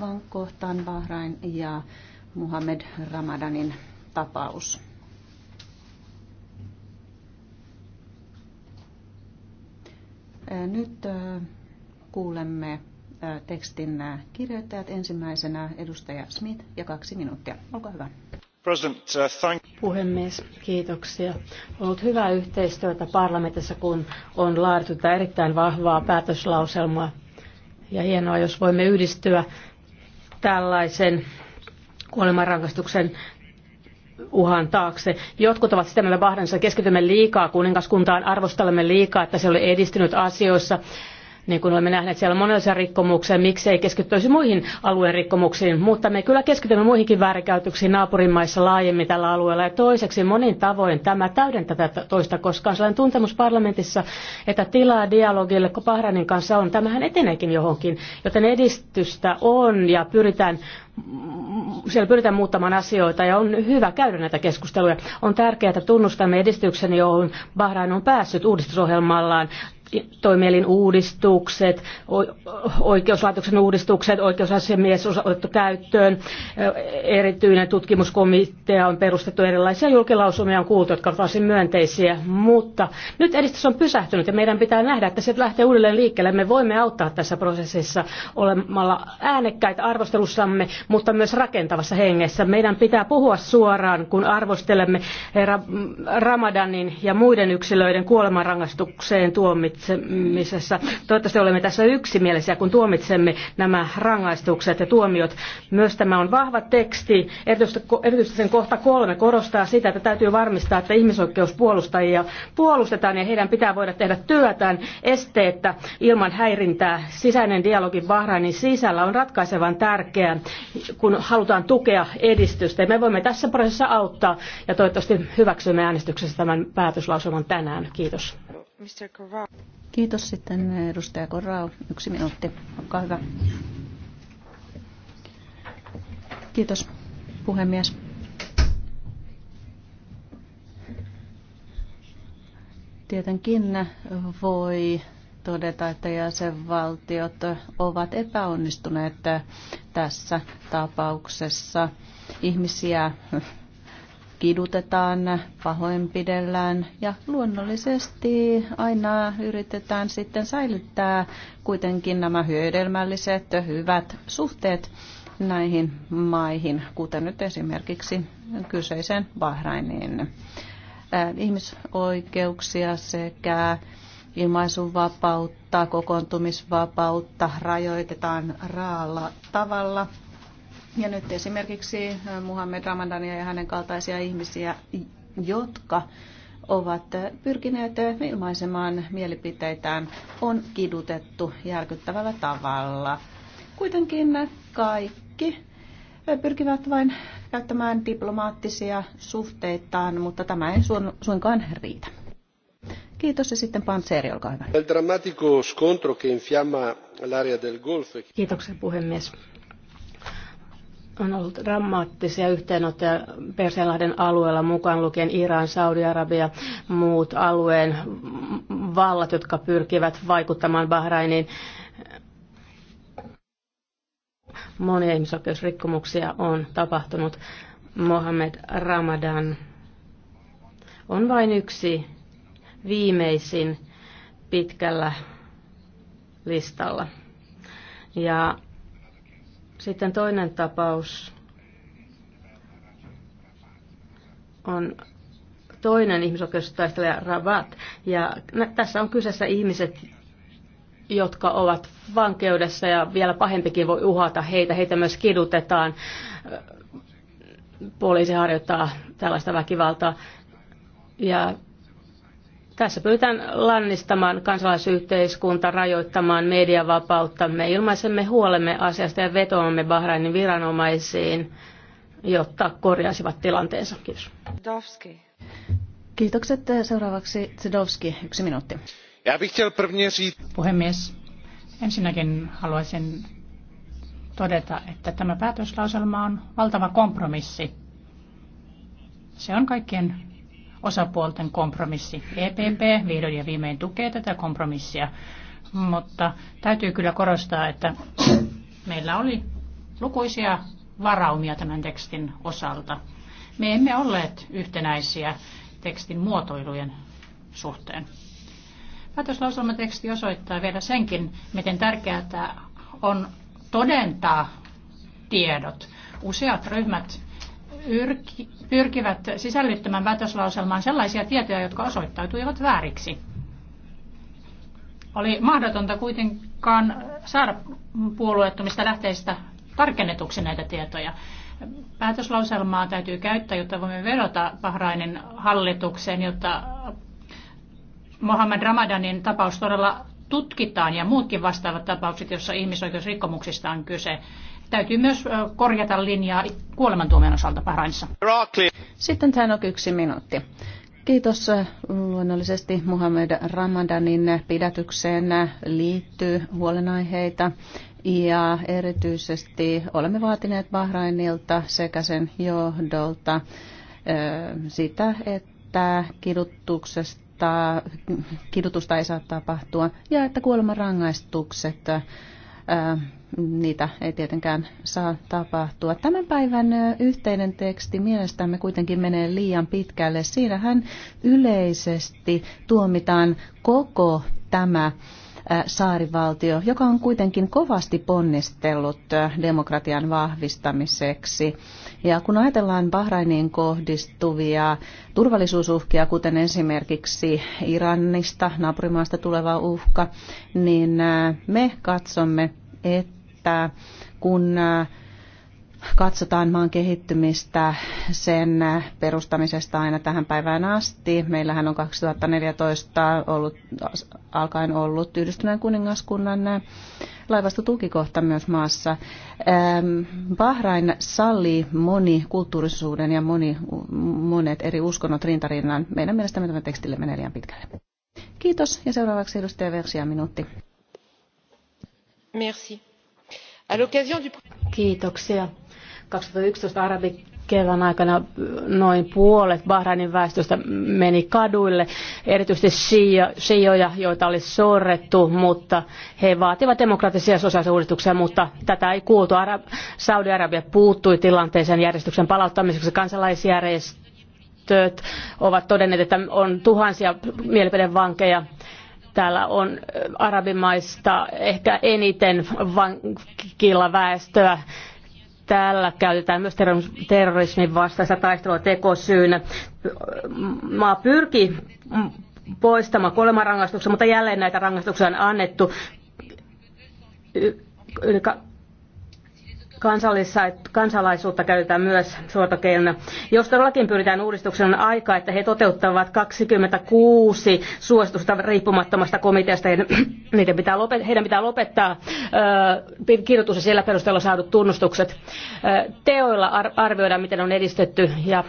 vaan kohtaan Bahrain ja Muhammed Ramadanin tapaus. Nyt kuulemme tekstin kirjoittajat ensimmäisenä edustaja Smith ja kaksi minuuttia. Olkaa hyvä. Uh, Puhemies, kiitoksia. On ollut hyvää yhteistyötä parlamentissa, kun on laadittu erittäin vahvaa päätöslauselmaa. Ja hienoa, jos voimme yhdistyä tällaisen kuolemanrangaistuksen uhan taakse. Jotkut ovat sitä mieltä Bahdanissa, keskitymme liikaa kuningaskuntaan, arvostelemme liikaa, että se oli edistynyt asioissa niin kuin olemme nähneet siellä monenlaisia rikkomuksia, miksei keskittyisi muihin alueen rikkomuksiin, mutta me kyllä keskitymme muihinkin väärinkäytöksiin naapurimaissa laajemmin tällä alueella. Ja toiseksi monin tavoin tämä täydentää tätä toista, koska on sellainen tuntemus parlamentissa, että tilaa dialogille kun Bahrainin kanssa on, tämähän eteneekin johonkin, joten edistystä on ja pyritään siellä pyritään muuttamaan asioita ja on hyvä käydä näitä keskusteluja. On tärkeää, että tunnustamme edistyksen, johon Bahrain on päässyt uudistusohjelmallaan toimielin uudistukset, oikeuslaitoksen uudistukset, oikeusasiamies on otettu käyttöön, erityinen tutkimuskomitea on perustettu, erilaisia julkilausumia on kuultu, jotka ovat varsin myönteisiä, mutta nyt edistys on pysähtynyt ja meidän pitää nähdä, että se lähtee uudelleen liikkeelle. Me voimme auttaa tässä prosessissa olemalla äänekkäitä arvostelussamme, mutta myös rakentavassa hengessä. Meidän pitää puhua suoraan, kun arvostelemme Ramadanin ja muiden yksilöiden kuolemanrangaistukseen tuomit tuomitsemisessa. Toivottavasti olemme tässä yksimielisiä, kun tuomitsemme nämä rangaistukset ja tuomiot. Myös tämä on vahva teksti, erityisesti sen kohta kolme korostaa sitä, että täytyy varmistaa, että ihmisoikeuspuolustajia puolustetaan ja heidän pitää voida tehdä työtään esteettä ilman häirintää. Sisäinen dialogi Bahrainin sisällä on ratkaisevan tärkeä, kun halutaan tukea edistystä. Ja me voimme tässä prosessissa auttaa ja toivottavasti hyväksymme äänestyksessä tämän päätöslausuman tänään. Kiitos. Mr. Corral. Kiitos sitten edustaja Korrao. Yksi minuutti. Olkaa hyvä. Kiitos puhemies. Tietenkin voi todeta, että jäsenvaltiot ovat epäonnistuneet tässä tapauksessa. Ihmisiä kidutetaan, pahoinpidellään ja luonnollisesti aina yritetään sitten säilyttää kuitenkin nämä hyödelmälliset hyvät suhteet näihin maihin, kuten nyt esimerkiksi kyseisen Bahrainin ihmisoikeuksia sekä ilmaisuvapautta, kokoontumisvapautta rajoitetaan raalla tavalla – ja nyt esimerkiksi Muhammed Ramadania ja hänen kaltaisia ihmisiä, jotka ovat pyrkineet ilmaisemaan mielipiteitään, on kidutettu järkyttävällä tavalla. Kuitenkin kaikki pyrkivät vain käyttämään diplomaattisia suhteitaan, mutta tämä ei suinkaan riitä. Kiitos ja sitten Panzeri, olkaa hyvä. Kiitoksia puhemies on ollut dramaattisia yhteenottoja Persianlahden alueella, mukaan lukien Iran, Saudi-Arabia, muut alueen vallat, jotka pyrkivät vaikuttamaan Bahrainiin. Monia ihmisoikeusrikkomuksia on tapahtunut. Mohammed Ramadan on vain yksi viimeisin pitkällä listalla. Ja sitten toinen tapaus on toinen ihmisoikeustaistelija Rabat. Ja tässä on kyseessä ihmiset, jotka ovat vankeudessa ja vielä pahempikin voi uhata heitä. Heitä myös kidutetaan. Poliisi harjoittaa tällaista väkivaltaa. Ja tässä pyritään lannistamaan kansalaisyhteiskunta, rajoittamaan mediavapautta. Me ilmaisemme huolemme asiasta ja vetoamme Bahrainin viranomaisiin, jotta korjaisivat tilanteensa. Kiitos. Dovski. Kiitokset. Seuraavaksi Zdowski, yksi minuutti. Ja Puhemies, ensinnäkin haluaisin todeta, että tämä päätöslauselma on valtava kompromissi. Se on kaikkien osapuolten kompromissi. EPP vihdoin ja viimein tukee tätä kompromissia, mutta täytyy kyllä korostaa, että meillä oli lukuisia varaumia tämän tekstin osalta. Me emme olleet yhtenäisiä tekstin muotoilujen suhteen. Päätöslauselmateksti osoittaa vielä senkin, miten tärkeää on todentaa tiedot. Useat ryhmät pyrkivät sisällyttämään väitöslauselmaan sellaisia tietoja, jotka osoittautuivat vääriksi. Oli mahdotonta kuitenkaan saada puolueettomista lähteistä tarkennetuksi näitä tietoja. Päätöslauselmaa täytyy käyttää, jotta voimme vedota Bahrainin hallitukseen, jotta Mohammed Ramadanin tapaus todella tutkitaan ja muutkin vastaavat tapaukset, joissa ihmisoikeusrikkomuksista on kyse. Täytyy myös korjata linjaa kuolemantuomion osalta Bahrainissa. Sitten on yksi minuutti. Kiitos. Luonnollisesti Muhammed Ramadanin pidätykseen liittyy huolenaiheita. Ja erityisesti olemme vaatineet Bahrainilta sekä sen johdolta sitä, että kidutuksesta, kidutusta ei saa tapahtua ja että kuolemanrangaistukset niitä ei tietenkään saa tapahtua. Tämän päivän yhteinen teksti mielestämme kuitenkin menee liian pitkälle. Siinähän yleisesti tuomitaan koko tämä saarivaltio, joka on kuitenkin kovasti ponnistellut demokratian vahvistamiseksi. Ja kun ajatellaan Bahrainiin kohdistuvia turvallisuusuhkia, kuten esimerkiksi Iranista, naapurimaasta tuleva uhka, niin me katsomme, että että kun äh, katsotaan maan kehittymistä sen äh, perustamisesta aina tähän päivään asti. Meillähän on 2014 ollut, alkaen ollut yhdistyneen kuningaskunnan äh, laivastotukikohta myös maassa. Ähm, Bahrain salli moni kulttuurisuuden ja moni, monet eri uskonnot rintarinnan. Meidän mielestämme tämä tekstille menee liian pitkälle. Kiitos ja seuraavaksi edustaja Versia minuutti. Merci Kiitoksia. 2011 arabi aikana noin puolet Bahrainin väestöstä meni kaduille, erityisesti shioja, joita oli sorrettu, mutta he vaativat demokraattisia sosiaalisia uudistuksia, mutta tätä ei kuultu. Saudi-Arabia puuttui tilanteeseen järjestyksen palauttamiseksi kansalaisjärjestöt ovat todenneet, että on tuhansia mielipidevankeja Täällä on arabimaista ehkä eniten vankilaväestöä. Täällä käytetään myös terrorismin vastaista taistelua tekosyynä. Maa pyrki poistamaan kuolemanrangaistuksen, mutta jälleen näitä rangaistuksia on annettu kansalaisuutta käytetään myös suojakeinona. Jos todellakin pyritään uudistuksen on aika, että he toteuttavat 26 suositusta riippumattomasta komiteasta, heidän pitää lopettaa, heidän pitää lopettaa ö, kirjoitus ja siellä perusteella saadut tunnustukset. teoilla arvioidaan, miten on edistetty ja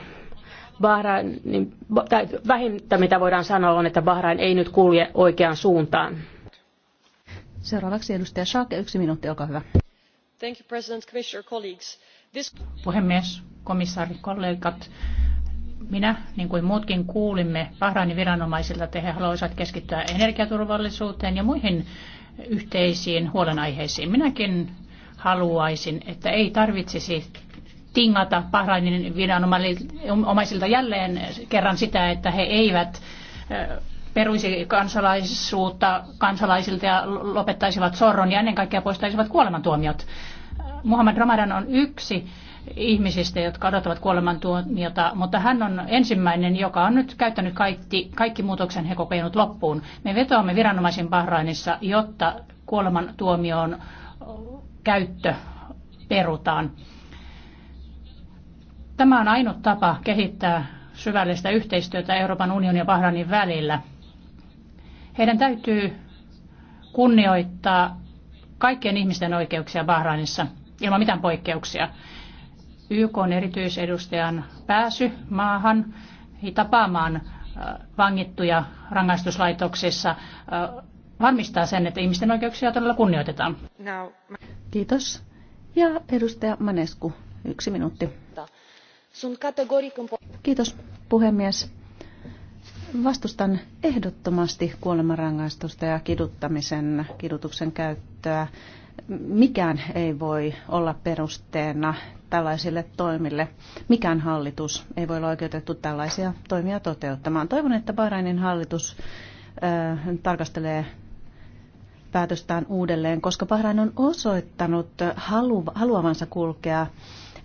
Bahrain, niin, tai vähintä mitä voidaan sanoa on, että Bahrain ei nyt kulje oikeaan suuntaan. Seuraavaksi edustaja Saake, yksi minuutti, olkaa hyvä Puhemies, komissaari, kollegat. Minä, niin kuin muutkin, kuulimme Bahrainin viranomaisilta, että he haluaisivat keskittyä energiaturvallisuuteen ja muihin yhteisiin huolenaiheisiin. Minäkin haluaisin, että ei tarvitsisi tingata Bahrainin viranomaisilta jälleen kerran sitä, että he eivät peruisi kansalaisuutta kansalaisilta ja lopettaisivat sorron ja ennen kaikkea poistaisivat kuolemantuomiot. Muhammad Ramadan on yksi ihmisistä, jotka odottavat kuolemantuomiota, mutta hän on ensimmäinen, joka on nyt käyttänyt kaikki, kaikki muutoksen he loppuun. Me vetoamme viranomaisen Bahrainissa, jotta kuolemantuomioon käyttö perutaan. Tämä on ainut tapa kehittää syvällistä yhteistyötä Euroopan unionin ja Bahrainin välillä. Heidän täytyy kunnioittaa kaikkien ihmisten oikeuksia Bahrainissa ilman mitään poikkeuksia. YK on erityisedustajan pääsy maahan tapaamaan äh, vangittuja rangaistuslaitoksissa äh, varmistaa sen, että ihmisten oikeuksia todella kunnioitetaan. Kiitos. Ja edustaja Manesku, yksi minuutti. Kiitos puhemies Vastustan ehdottomasti kuolemanrangaistusta ja kiduttamisen, kidutuksen käyttöä. Mikään ei voi olla perusteena tällaisille toimille. Mikään hallitus ei voi olla oikeutettu tällaisia toimia toteuttamaan. Toivon, että Bahrainin hallitus äh, tarkastelee päätöstään uudelleen, koska Bahrain on osoittanut halu, haluavansa kulkea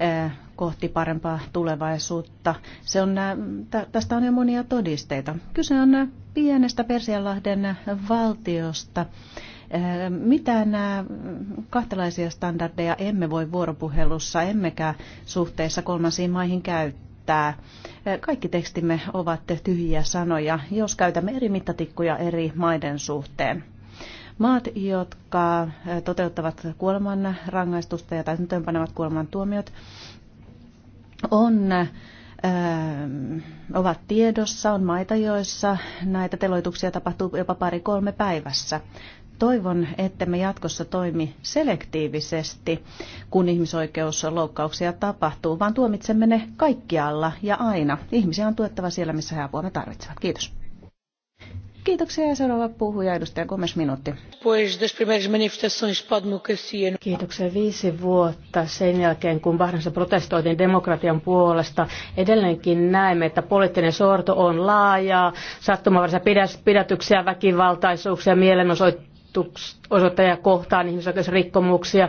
äh, kohti parempaa tulevaisuutta. Se on, äh, tästä on jo monia todisteita. Kyse on äh, pienestä Persianlahden valtiosta. Äh, mitään kahtalaisia standardeja emme voi vuoropuhelussa emmekä suhteessa kolmansiin maihin käyttää. Kaikki tekstimme ovat tyhjiä sanoja, jos käytämme eri mittatikkuja eri maiden suhteen. Maat, jotka toteuttavat kuoleman rangaistusta ja täytäntöönpanevat kuoleman tuomiot, on ähm, ovat tiedossa, on maita, joissa näitä teloituksia tapahtuu jopa pari-kolme päivässä. Toivon, että me jatkossa toimi selektiivisesti, kun ihmisoikeusloukkauksia tapahtuu, vaan tuomitsemme ne kaikkialla ja aina. Ihmisiä on tuettava siellä, missä he apua tarvitsevat. Kiitos. Kiitoksia ja seuraava puhuja edustaja Gomes minuutti. No Kiitoksia viisi vuotta sen jälkeen, kun Bahrainissa protestoitiin demokratian puolesta. Edelleenkin näemme, että poliittinen sorto on laajaa, sattumavarsa pidätyksiä, väkivaltaisuuksia, mielenosoituksia osoittajia kohtaan ihmisoikeusrikkomuksia,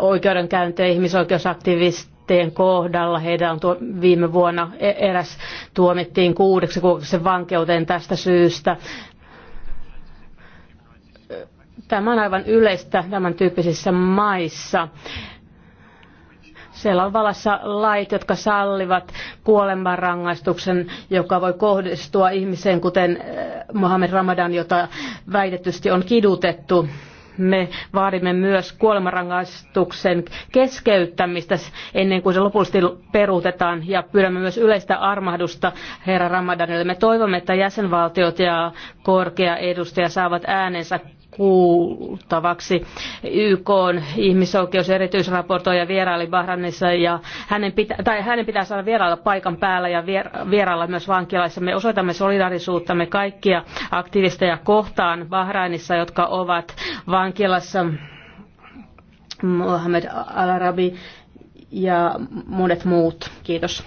oikeudenkäyntejä ihmisoikeusaktivisteja kahteen kohdalla. Heidän on tuo, viime vuonna e, eräs tuomittiin kuudeksi kuukautisen vankeuteen tästä syystä. Tämä on aivan yleistä tämän tyyppisissä maissa. Siellä on valassa lait, jotka sallivat kuolemanrangaistuksen, joka voi kohdistua ihmiseen, kuten eh, Mohamed Ramadan, jota väitetysti on kidutettu me vaadimme myös kuolemanrangaistuksen keskeyttämistä ennen kuin se lopullisesti peruutetaan ja pyydämme myös yleistä armahdusta herra Ramadanille. Me toivomme, että jäsenvaltiot ja korkea edustaja saavat äänensä kuultavaksi. YK on ihmisoikeus erityisraportoija vieraili Bahranissa ja hänen, pitä, tai hänen pitää saada vierailla paikan päällä ja vierailla myös vankilaissa. Me osoitamme solidarisuuttamme kaikkia aktivisteja kohtaan Bahrainissa, jotka ovat vankilassa. Mohamed Al-Arabi ja monet muut. Kiitos.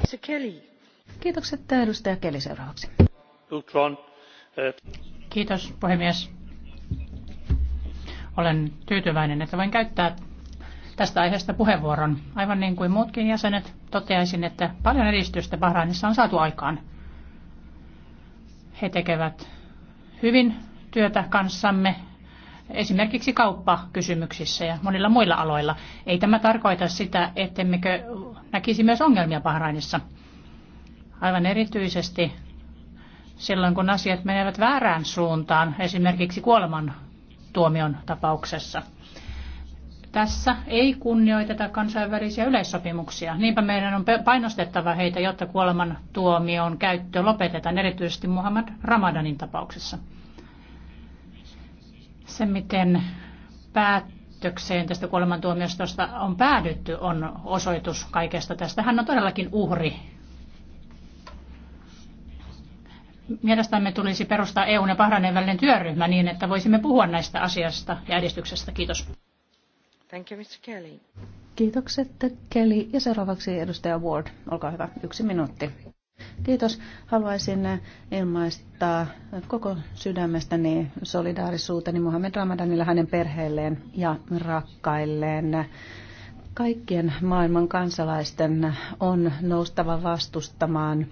Kiitokset edustaja Keli seuraavaksi. Eh. Kiitos puhemies olen tyytyväinen, että voin käyttää tästä aiheesta puheenvuoron. Aivan niin kuin muutkin jäsenet, toteaisin, että paljon edistystä Bahrainissa on saatu aikaan. He tekevät hyvin työtä kanssamme, esimerkiksi kauppakysymyksissä ja monilla muilla aloilla. Ei tämä tarkoita sitä, ettemmekö näkisi myös ongelmia Bahrainissa. Aivan erityisesti silloin, kun asiat menevät väärään suuntaan, esimerkiksi kuoleman tuomion tapauksessa. Tässä ei kunnioiteta kansainvälisiä yleissopimuksia. Niinpä meidän on painostettava heitä, jotta kuoleman tuomion käyttö lopetetaan, erityisesti Muhammad Ramadanin tapauksessa. Se, miten päätökseen tästä kuolemantuomiosta on päädytty, on osoitus kaikesta tästä. Hän on todellakin uhri Mielestämme tulisi perustaa EUn ja Bahrainin välinen työryhmä niin, että voisimme puhua näistä asiasta ja edistyksestä. Kiitos. Thank you, Mr. Kelly. Kiitokset Kelly. Ja seuraavaksi edustaja Ward. Olkaa hyvä. Yksi minuutti. Kiitos. Haluaisin ilmaista koko sydämestäni solidaarisuuteni Mohamed Ramadanille, hänen perheelleen ja rakkailleen. Kaikkien maailman kansalaisten on noustava vastustamaan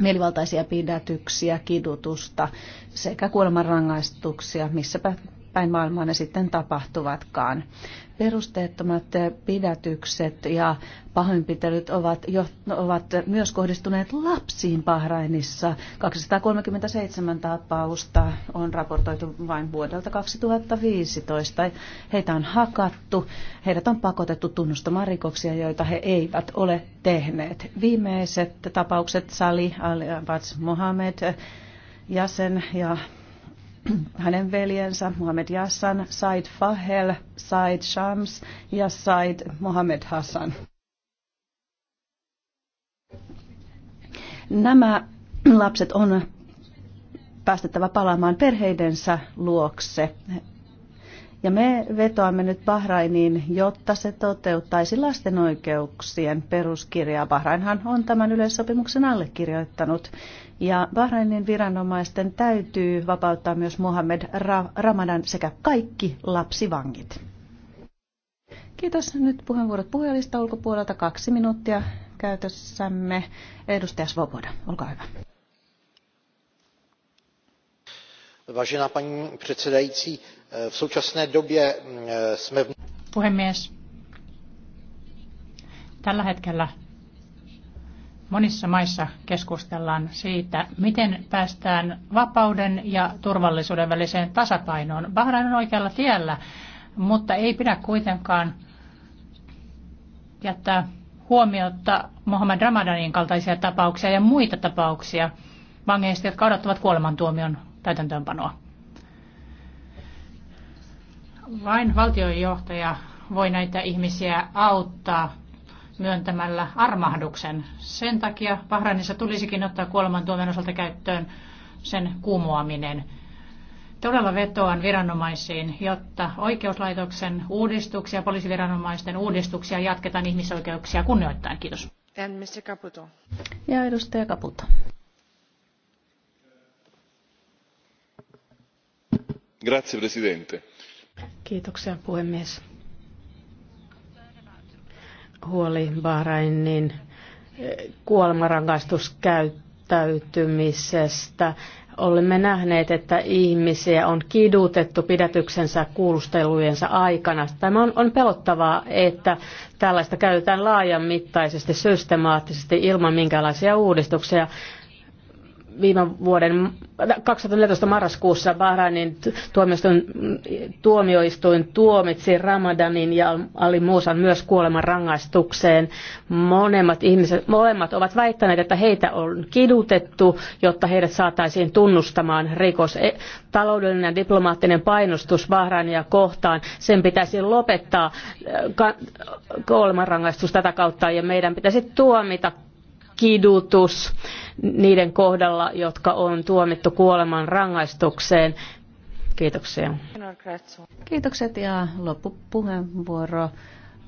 mielivaltaisia pidätyksiä, kidutusta sekä kuolemanrangaistuksia missäpä päin maailmaa ne sitten tapahtuvatkaan. Perusteettomat pidätykset ja pahoinpitelyt ovat, jo, ovat myös kohdistuneet lapsiin Bahrainissa. 237 tapausta on raportoitu vain vuodelta 2015. Heitä on hakattu, heidät on pakotettu tunnustamaan rikoksia, joita he eivät ole tehneet. Viimeiset tapaukset Sali Al-Abbas Mohamed, jäsen ja hänen veljensä Mohamed Yassan, Said Fahel, Said Shams ja Said Mohamed Hassan. Nämä lapset on päästettävä palaamaan perheidensä luokse. Ja me vetoamme nyt Bahrainiin, jotta se toteuttaisi lasten oikeuksien peruskirjaa. Bahrainhan on tämän yleissopimuksen allekirjoittanut. Ja Bahrainin viranomaisten täytyy vapauttaa myös Mohamed Ra- Ramadan sekä kaikki lapsivangit. Kiitos. Nyt puheenvuorot puhujalista ulkopuolelta. Kaksi minuuttia käytössämme. Edustaja Svoboda, olkaa hyvä. Vážená paní předsedající, v současné době eh, jsme... Puhemies, tällä hetkellä Monissa maissa keskustellaan siitä, miten päästään vapauden ja turvallisuuden väliseen tasapainoon. Bahrain on oikealla tiellä, mutta ei pidä kuitenkaan jättää huomiota Mohammed Ramadanin kaltaisia tapauksia ja muita tapauksia vangeista, jotka odottavat kuolemantuomion täytäntöönpanoa. Vain valtionjohtaja voi näitä ihmisiä auttaa myöntämällä armahduksen. Sen takia Bahrainissa tulisikin ottaa kuolemantuomion osalta käyttöön sen kumoaminen. Todella vetoan viranomaisiin, jotta oikeuslaitoksen uudistuksia, poliisiviranomaisten uudistuksia jatketaan ihmisoikeuksia kunnioittain. Kiitos. Caputo. Ja edustaja Caputo. Grazie, Presidente. Kiitoksia puhemies huoli Bahrainin eh, kuolemanrangaistuskäyttäytymisestä. Olemme nähneet, että ihmisiä on kidutettu pidätyksensä kuulustelujensa aikana. Tämä on, on pelottavaa, että tällaista käytetään laajan systemaattisesti, ilman minkälaisia uudistuksia viime vuoden 2014 marraskuussa Bahrainin tuomioistuin, tuomioistuin tuomitsi Ramadanin ja Ali Muusan myös kuoleman rangaistukseen. Monemmat ihmiset, molemmat ovat väittäneet, että heitä on kidutettu, jotta heidät saataisiin tunnustamaan rikos. E, taloudellinen ja diplomaattinen painostus Bahrainia kohtaan, sen pitäisi lopettaa äh, rangaistus tätä kautta ja meidän pitäisi tuomita kidutus niiden kohdalla, jotka on tuomittu kuoleman rangaistukseen. Kiitoksia. Kiitokset ja loppupuheenvuoro.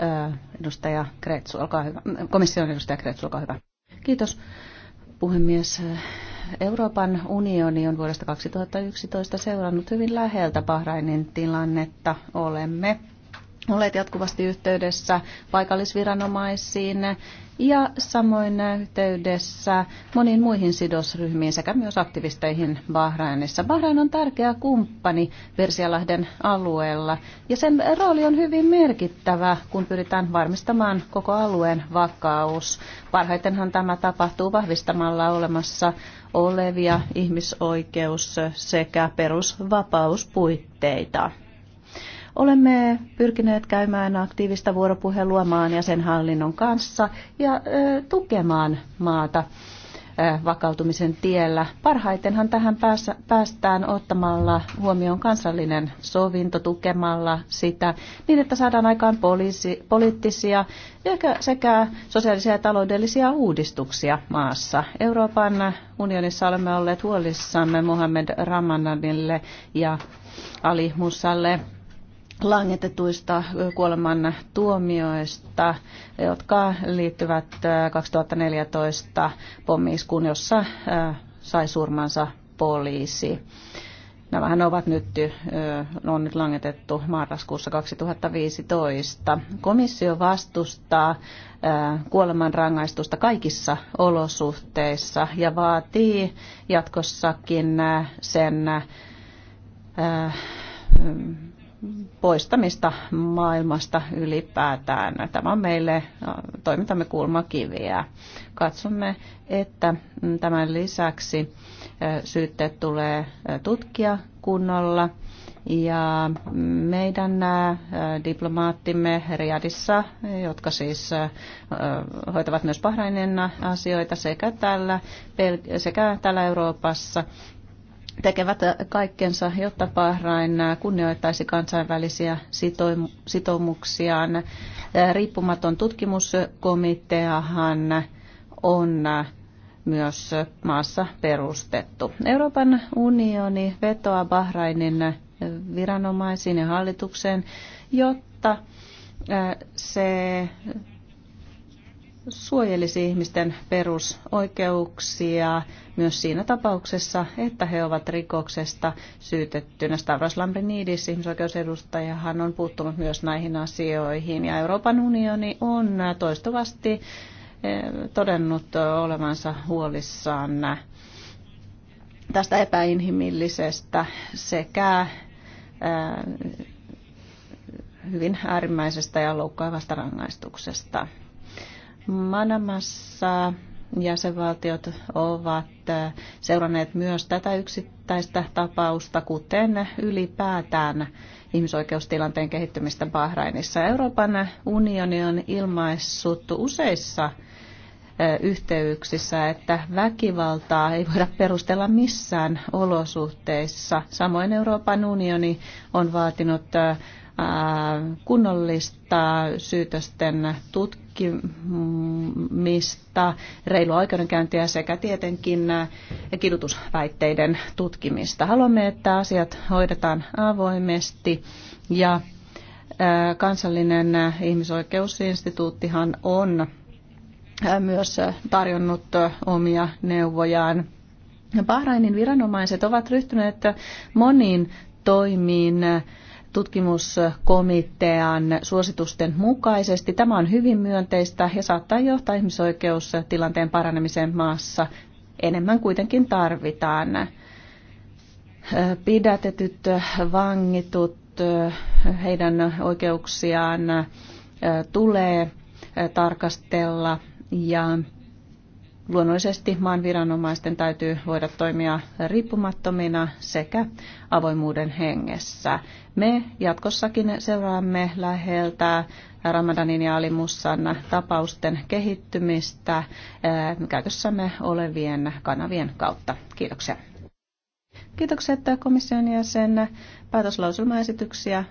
Äh, edustaja Kretsu, olkaa hyvä. Komission edustaja Kretsu, olkaa hyvä. Kiitos puhemies. Euroopan unioni on vuodesta 2011 seurannut hyvin läheltä Bahrainin tilannetta. Olemme olleet jatkuvasti yhteydessä paikallisviranomaisiin ja samoin yhteydessä moniin muihin sidosryhmiin sekä myös aktivisteihin Bahrainissa. Bahrain on tärkeä kumppani Persialahden alueella ja sen rooli on hyvin merkittävä, kun pyritään varmistamaan koko alueen vakaus. Parhaitenhan tämä tapahtuu vahvistamalla olemassa olevia ihmisoikeus- sekä perusvapauspuitteita. Olemme pyrkineet käymään aktiivista vuoropuhelua maan ja sen hallinnon kanssa ja tukemaan maata vakautumisen tiellä. Parhaitenhan tähän päästään ottamalla huomioon kansallinen sovinto, tukemalla sitä niin, että saadaan aikaan poliisi, poliittisia sekä sosiaalisia ja taloudellisia uudistuksia maassa. Euroopan unionissa olemme olleet huolissamme Mohamed Ramanadille ja Ali Mussalle langetetuista kuoleman tuomioista, jotka liittyvät 2014 pommiiskuun, jossa sai surmansa poliisi. Nämähän ovat nyt, on nyt langetettu marraskuussa 2015. Komissio vastustaa kuolemanrangaistusta kaikissa olosuhteissa ja vaatii jatkossakin sen poistamista maailmasta ylipäätään. Tämä on meille toimintamme kulmakiviä. Katsomme, että tämän lisäksi syytteet tulee tutkia kunnolla. Ja meidän nämä diplomaattimme Riadissa, jotka siis hoitavat myös Bahrainin asioita sekä täällä, sekä täällä Euroopassa tekevät äh, kaikkensa, jotta Bahrain äh, kunnioittaisi kansainvälisiä sitoumuksiaan. Äh, riippumaton tutkimuskomiteahan on myös maassa perustettu. Euroopan unioni vetoaa Bahrainin viranomaisiin ja hallitukseen, jotta se suojelisi ihmisten perusoikeuksia myös siinä tapauksessa, että he ovat rikoksesta syytettynä. Stavros Lambrinidis, ihmisoikeusedustajahan, on puuttunut myös näihin asioihin ja Euroopan unioni on toistuvasti eh, todennut olevansa huolissaan tästä epäinhimillisestä sekä eh, hyvin äärimmäisestä ja loukkaavasta rangaistuksesta. Manamassa jäsenvaltiot ovat seuranneet myös tätä yksittäistä tapausta, kuten ylipäätään ihmisoikeustilanteen kehittymistä Bahrainissa. Euroopan unioni on ilmaissut useissa yhteyksissä, että väkivaltaa ei voida perustella missään olosuhteissa. Samoin Euroopan unioni on vaatinut kunnollista syytösten tutkimista, reilua oikeudenkäyntiä sekä tietenkin kidutusväitteiden tutkimista. Haluamme, että asiat hoidetaan avoimesti ja kansallinen ihmisoikeusinstituuttihan on myös tarjonnut omia neuvojaan. Bahrainin viranomaiset ovat ryhtyneet moniin toimiin tutkimuskomitean suositusten mukaisesti. Tämä on hyvin myönteistä ja saattaa johtaa ihmisoikeustilanteen paranemiseen maassa. Enemmän kuitenkin tarvitaan. Pidätetyt, vangitut, heidän oikeuksiaan tulee tarkastella ja luonnollisesti maan viranomaisten täytyy voida toimia riippumattomina sekä avoimuuden hengessä. Me jatkossakin seuraamme läheltä Ramadanin ja Alimussan tapausten kehittymistä eh, käytössämme olevien kanavien kautta. Kiitoksia. Kiitokset komission jäsen. Päätöslauselmaesityksiä